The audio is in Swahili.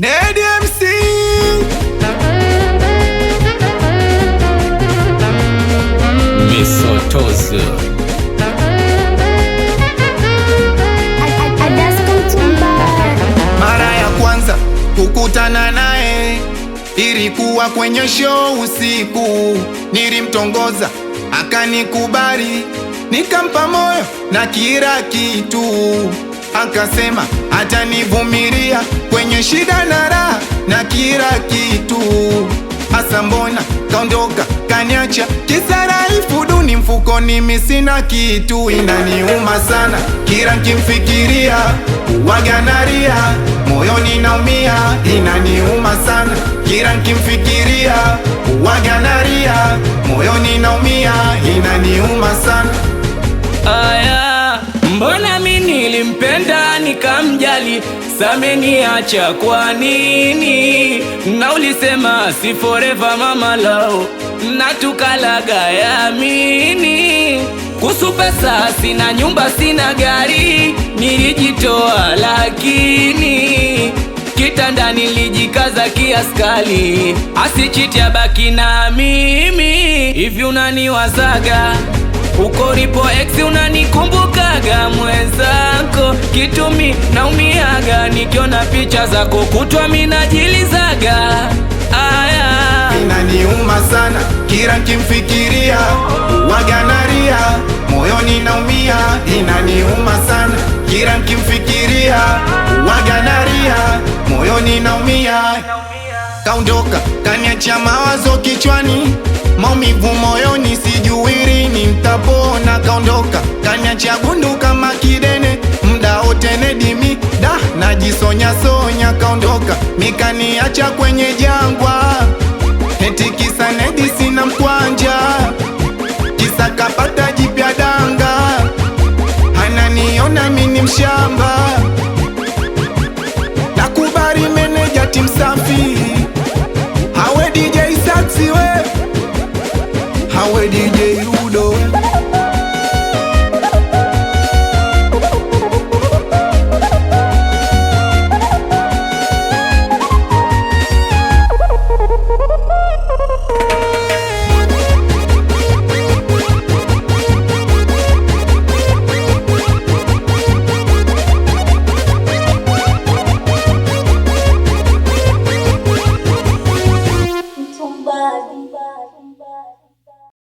Nedy MC mara ya kwanza kukutana naye ilikuwa kwenye show usiku, nilimtongoza akanikubali, nikampa moyo na kila kitu, akasema atanivumilia wenye shida na raha na kila kitu. Hasa mbona kaondoka kaniacha kisaraifu duni mfukoni, mimi sina kitu. Inaniuma sana kila nkimfikiria uwaganaria moyoni naumia. Inaniuma sana kila nkimfikiria uwaganaria moyoni naumia. Inaniuma sana Nilimpenda nikamjali, sameniacha kwa nini? Na ulisema si forever mama lao, na tukalaga yamini. kusu pesa sina nyumba, sina gari, nilijitoa lakini kitanda nilijikaza kiaskali, asichiti abaki na mimi. Hivi unaniwazaga uko ripo ex unanikumbukaga kitu mi naumiaga, nikiona picha zako kutwa minajilizaga. Aya, inaniuma sana kila nikimfikiria, waganaria moyoni naumia, inaniuma sana kila nikimfikiria, waganaria moyoni naumia. Kaondoka kaniacha mawazo kichwani, maumivu moyoni, sijuwiri nitapona. Kaondoka kaniacha gundu sonya kaondoka, mikaniacha kwenye jangwa, eti kisa Nedi sina mkwanja, kisa kapata jipya danga, ananiona mini mshamba, nakubali meneja timsafi hawe DJ saxiwe hawe